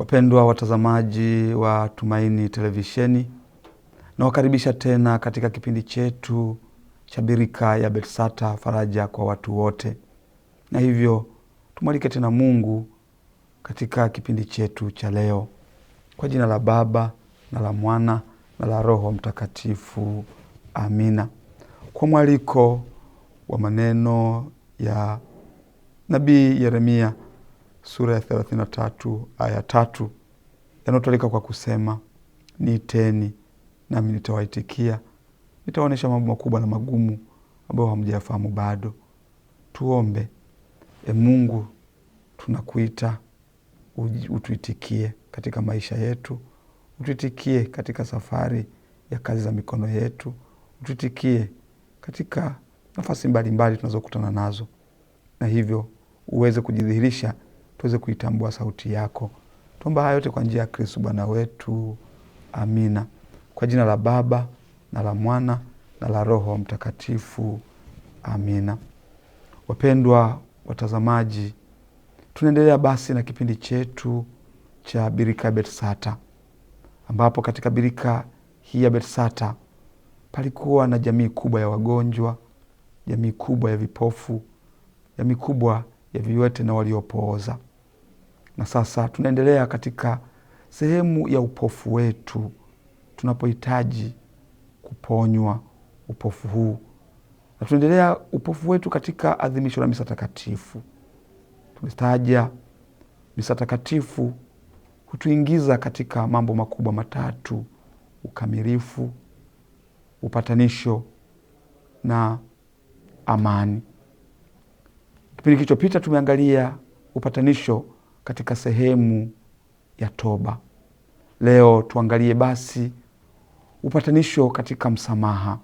Wapendwa watazamaji wa Tumaini Televisheni, nawakaribisha tena katika kipindi chetu cha Birika ya Betsata, faraja kwa watu wote. Na hivyo tumwalike tena Mungu katika kipindi chetu cha leo, kwa jina la Baba na la Mwana na la Roho Mtakatifu, amina. Kwa mwaliko wa maneno ya nabii Yeremia sura ya thelathini na tatu aya tatu yanayotalika kwa kusema niiteni nami nitawaitikia, nitaonyesha mambo makubwa na magumu ambayo hamjayafahamu bado. Tuombe. E Mungu, tunakuita utuitikie katika maisha yetu, utuitikie katika safari ya kazi za mikono yetu, utuitikie katika nafasi mbalimbali tunazokutana nazo, na hivyo uweze kujidhihirisha tuweze kuitambua sauti yako. Tuomba haya yote kwa njia ya Kristo Bwana wetu. Amina. Kwa jina la Baba na la Mwana na la Roho Mtakatifu. Amina. Wapendwa watazamaji, tunaendelea basi na kipindi chetu cha Birika ya Betsata, ambapo katika birika hii ya Betsata palikuwa na jamii kubwa ya wagonjwa, jamii kubwa ya vipofu, jamii kubwa ya viwete na waliopooza. Na sasa tunaendelea katika sehemu ya upofu wetu, tunapohitaji kuponywa upofu huu, na tunaendelea upofu wetu katika adhimisho la misa takatifu. Tumetaja misa takatifu hutuingiza katika mambo makubwa matatu: ukamilifu, upatanisho na amani. Kipindi kilichopita tumeangalia upatanisho katika sehemu ya toba. Leo tuangalie basi upatanisho katika msamaha.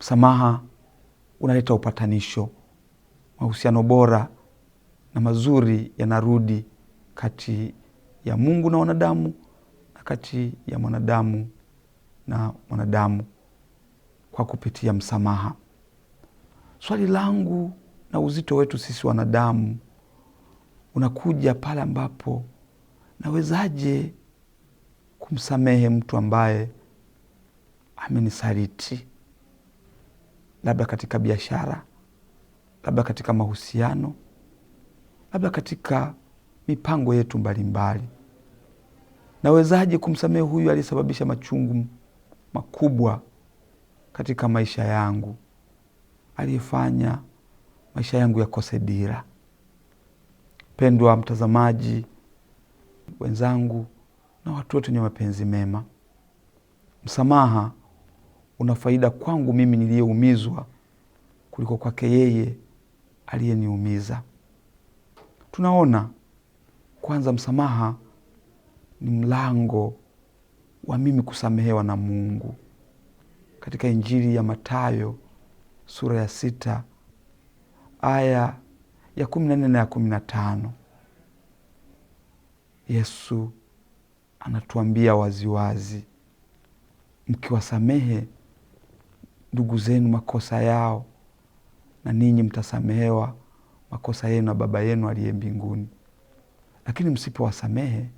Msamaha unaleta upatanisho, mahusiano bora na mazuri yanarudi kati ya Mungu na wanadamu na kati ya mwanadamu na mwanadamu kwa kupitia msamaha. Swali langu na uzito wetu sisi wanadamu unakuja pale ambapo nawezaje kumsamehe mtu ambaye amenisaliti, labda katika biashara, labda katika mahusiano, labda katika mipango yetu mbalimbali. Nawezaje kumsamehe huyu aliyesababisha machungu makubwa katika maisha yangu, aliyefanya maisha yangu yakose dira? Mpendwa mtazamaji wenzangu na watu wote wenye mapenzi mema, msamaha una faida kwangu mimi niliyeumizwa kuliko kwake yeye aliyeniumiza. Tunaona kwanza, msamaha ni mlango wa mimi kusamehewa na Mungu. Katika Injili ya Mathayo sura ya sita aya ya kumi na nne na ya kumi na tano Yesu anatuambia waziwazi, mkiwasamehe ndugu zenu makosa yao, na ninyi mtasamehewa makosa yenu na Baba yenu aliye mbinguni. Lakini msipowasamehe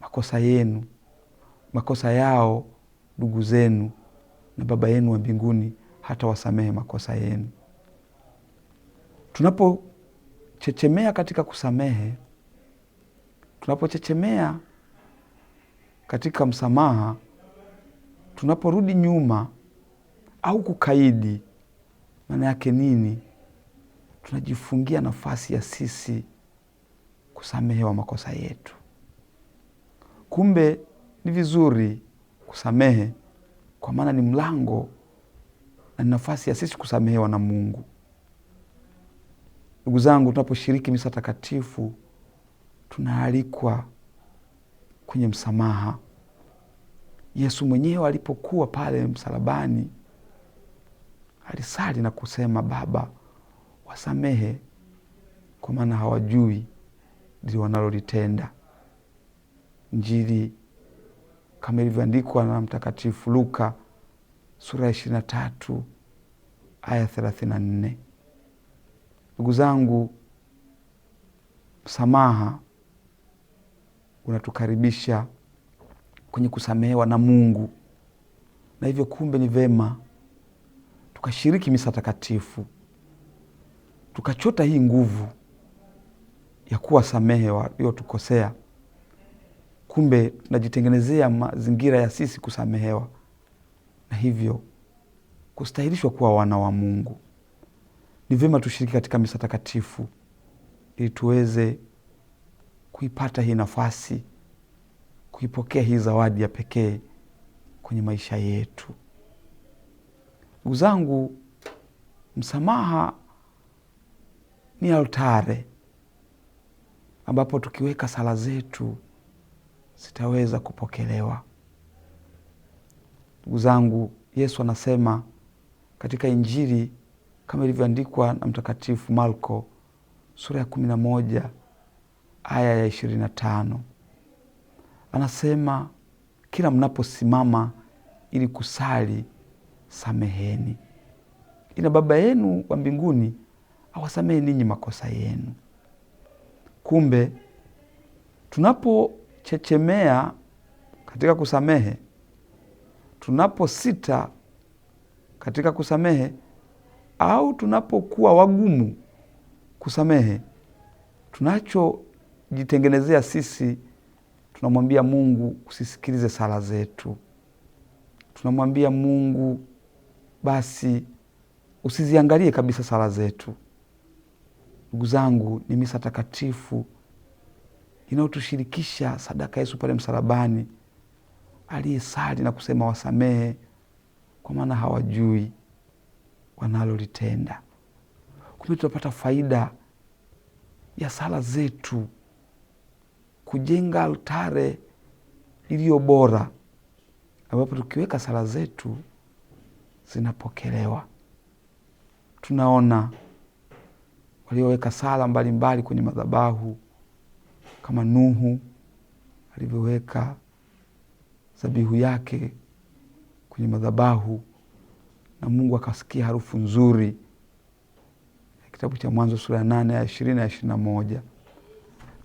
makosa yenu makosa yao ndugu zenu, na Baba yenu wa mbinguni hata wasamehe makosa yenu. Tunapo Chechemea katika kusamehe. Tunapochechemea katika msamaha, tunaporudi nyuma au kukaidi, maana yake nini? Tunajifungia nafasi ya sisi kusamehewa makosa yetu. Kumbe ni vizuri kusamehe, kwa maana ni mlango na ni nafasi ya sisi kusamehewa na Mungu. Ndugu zangu, tunaposhiriki misa takatifu tunaalikwa kwenye msamaha. Yesu mwenyewe alipokuwa pale msalabani alisali na kusema, Baba, wasamehe kwa maana hawajui ndilo wanalolitenda. Njili kama ilivyoandikwa na Mtakatifu Luka sura ya ishirini na tatu aya thelathini na nne. Ndugu zangu, msamaha unatukaribisha kwenye kusamehewa na Mungu, na hivyo kumbe ni vema tukashiriki misa takatifu, tukachota hii nguvu ya kuwasamehe waliotukosea. Kumbe tunajitengenezea mazingira ya sisi kusamehewa na hivyo kustahilishwa kuwa wana wa Mungu ni vyema tushiriki katika misa takatifu ili tuweze kuipata hii nafasi, kuipokea hii zawadi ya pekee kwenye maisha yetu. Ndugu zangu, msamaha ni altare ambapo tukiweka sala zetu zitaweza kupokelewa. Ndugu zangu, Yesu anasema katika Injili kama ilivyoandikwa na Mtakatifu Marko sura ya kumi na moja aya ya ishirini na tano anasema kila mnaposimama ili kusali sameheni, ina Baba yenu wa mbinguni awasamehe ninyi makosa yenu. Kumbe tunapochechemea katika kusamehe, tunaposita katika kusamehe, au tunapokuwa wagumu kusamehe, tunachojitengenezea sisi, tunamwambia Mungu usisikilize sala zetu, tunamwambia Mungu basi usiziangalie kabisa sala zetu. Ndugu zangu, ni misa takatifu inayotushirikisha sadaka Yesu pale msalabani, aliyesali na kusema wasamehe, kwa maana hawajui wanalolitenda. Kumbe tunapata faida ya sala zetu, kujenga altare iliyo bora, ambapo tukiweka sala zetu zinapokelewa. Tunaona walioweka sala mbalimbali kwenye madhabahu kama Nuhu alivyoweka dhabihu yake kwenye madhabahu na Mungu akasikia harufu nzuri. Kitabu cha Mwanzo sura ya nane ya ishirini na ishirini na moja.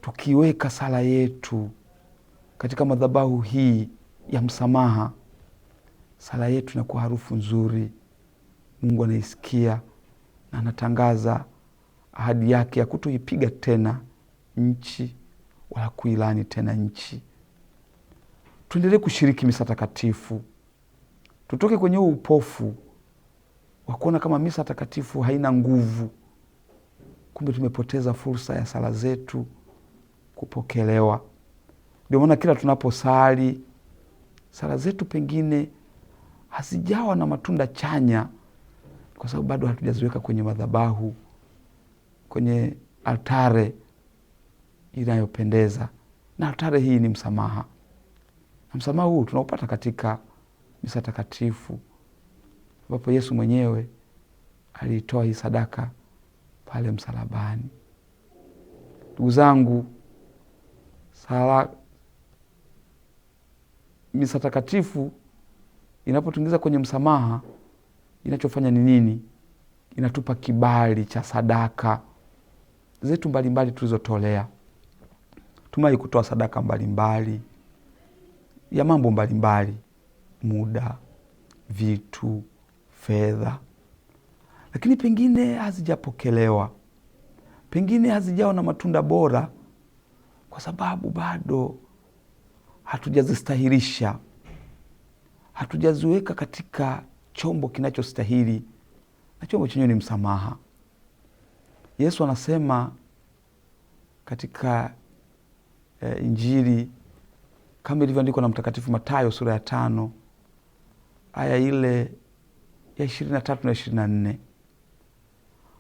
Tukiweka sala yetu katika madhabahu hii ya msamaha, sala yetu inakuwa harufu nzuri, Mungu anaisikia na anatangaza ahadi yake ya kutoipiga tena nchi wala kuilani tena nchi. Tuendelee kushiriki misa takatifu, tutoke kwenye huu upofu wakuona kama misa takatifu haina nguvu. Kumbe tumepoteza fursa ya sala zetu kupokelewa. Ndio maana kila tunaposali sala zetu pengine hazijawa na matunda chanya, kwa sababu bado hatujaziweka kwenye madhabahu, kwenye altare inayopendeza. Na altare hii ni msamaha, na msamaha huu tunaupata katika misa takatifu ambapo Yesu mwenyewe aliitoa hii sadaka pale msalabani. Ndugu zangu, sala misa takatifu inapotuingiza kwenye msamaha, inachofanya ni nini? Inatupa kibali cha sadaka zetu mbalimbali tulizotolea. tumai kutoa sadaka mbalimbali mbali ya mambo mbalimbali mbali, muda, vitu fedha, lakini pengine hazijapokelewa, pengine hazijawa na matunda bora, kwa sababu bado hatujazistahirisha, hatujaziweka katika chombo kinachostahili, na chombo chenyewe ni msamaha. Yesu anasema katika e, Injili kama ilivyoandikwa na Mtakatifu Mathayo sura ya tano aya ile ya ishirini na tatu na ishirini na nne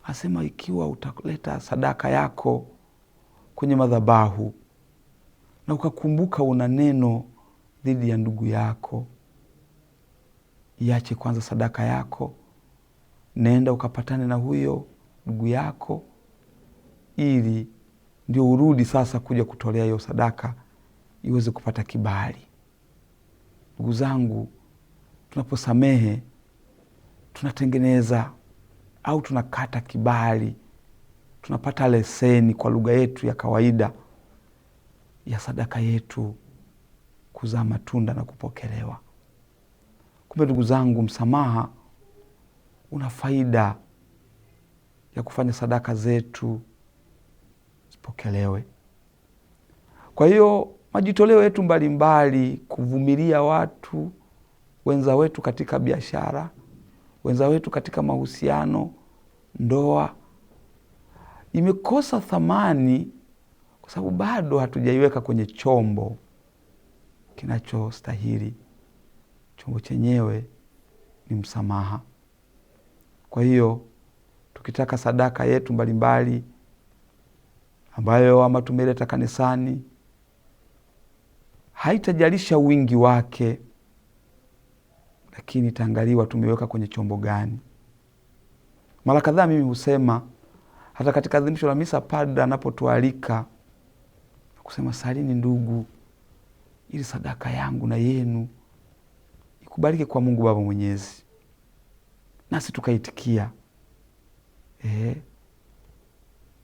asema ikiwa utaleta sadaka yako kwenye madhabahu na ukakumbuka una neno dhidi ya ndugu yako, iache kwanza sadaka yako, nenda ukapatane na huyo ndugu yako, ili ndio urudi sasa kuja kutolea hiyo sadaka iweze kupata kibali. Ndugu zangu, tunaposamehe tunatengeneza au tunakata kibali, tunapata leseni kwa lugha yetu ya kawaida ya sadaka yetu kuzaa matunda na kupokelewa. Kumbe ndugu zangu, msamaha una faida ya kufanya sadaka zetu zipokelewe. Kwa hiyo majitoleo yetu mbalimbali, kuvumilia watu wenza wetu katika biashara, wenza wetu katika mahusiano, ndoa imekosa thamani kwa sababu bado hatujaiweka kwenye chombo kinachostahili. Chombo chenyewe ni msamaha. Kwa hiyo tukitaka sadaka yetu mbalimbali ambayo ama tumeleta kanisani, haitajalisha wingi wake lakini itaangaliwa tumeweka kwenye chombo gani. Mara kadhaa mimi husema hata katika adhimisho la misa, padre anapotualika kusema salini ndugu, ili sadaka yangu na yenu ikubalike kwa Mungu Baba Mwenyezi, nasi tukaitikia e,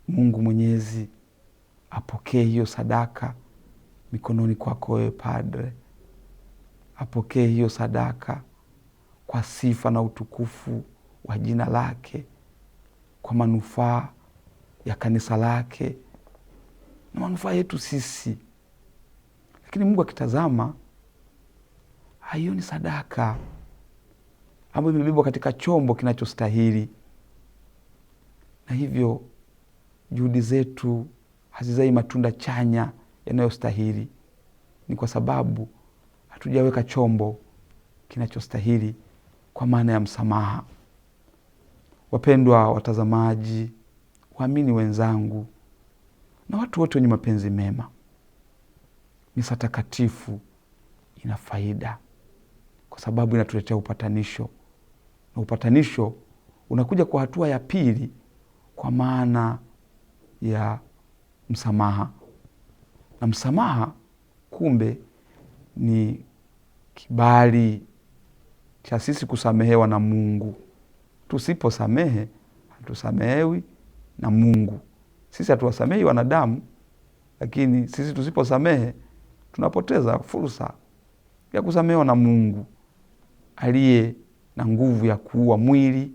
Mungu Mwenyezi apokee hiyo sadaka mikononi kwako wewe padre, apokee hiyo sadaka kwa sifa na utukufu wa jina lake, kwa manufaa ya kanisa lake na manufaa yetu sisi. Lakini Mungu akitazama, ni sadaka ambayo imebebwa katika chombo kinachostahili, na hivyo juhudi zetu hazizai matunda chanya yanayostahili. Ni kwa sababu hatujaweka chombo kinachostahili kwa maana ya msamaha. Wapendwa watazamaji, waamini wenzangu, na watu wote wenye mapenzi mema, misa takatifu ina faida kwa sababu inatuletea upatanisho, na upatanisho unakuja kwa hatua ya pili, kwa maana ya msamaha. Na msamaha kumbe ni kibali cha sisi kusamehewa na Mungu. Tusiposamehe hatusamehewi na Mungu. Sisi hatuwasamehi wanadamu, lakini sisi tusiposamehe tunapoteza fursa ya kusamehewa na Mungu aliye na nguvu ya kuua mwili,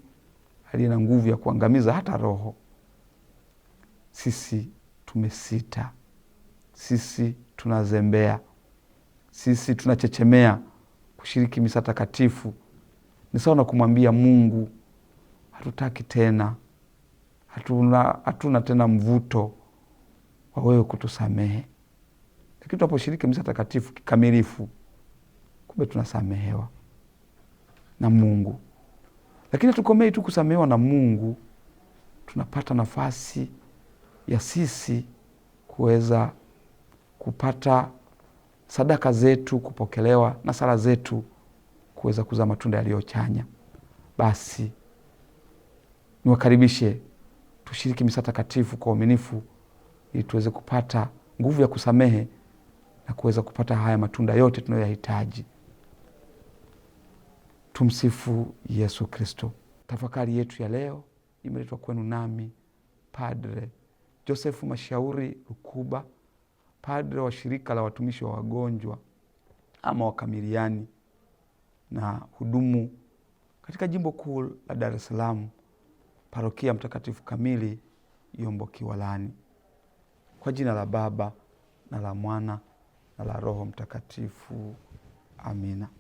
aliye na nguvu ya kuangamiza hata roho. Sisi tumesita, sisi tunazembea, sisi tunachechemea kushiriki misa takatifu ni sawa na kumwambia Mungu hatutaki tena, hatuna, hatuna tena mvuto wa wewe kutusamehe. Lakini tunaposhiriki misa takatifu kikamilifu, kumbe tunasamehewa na Mungu. Lakini hatukomei tu kusamehewa na Mungu, tunapata nafasi ya sisi kuweza kupata sadaka zetu kupokelewa na sala zetu kuweza kuzaa matunda yaliyochanya. Basi niwakaribishe tushiriki misa takatifu kwa uaminifu, ili tuweze kupata nguvu ya kusamehe na kuweza kupata haya matunda yote tunayoyahitaji. Tumsifu Yesu Kristo. Tafakari yetu ya leo imeletwa kwenu nami Padre Josefu Mashauri Lukuba padre wa shirika la watumishi wa wagonjwa ama wakamiliani na hudumu katika jimbo kuu la Dar es Salaam, parokia Mtakatifu Kamili Yombo Kiwalani. Kwa jina la Baba na la Mwana na la Roho Mtakatifu, amina.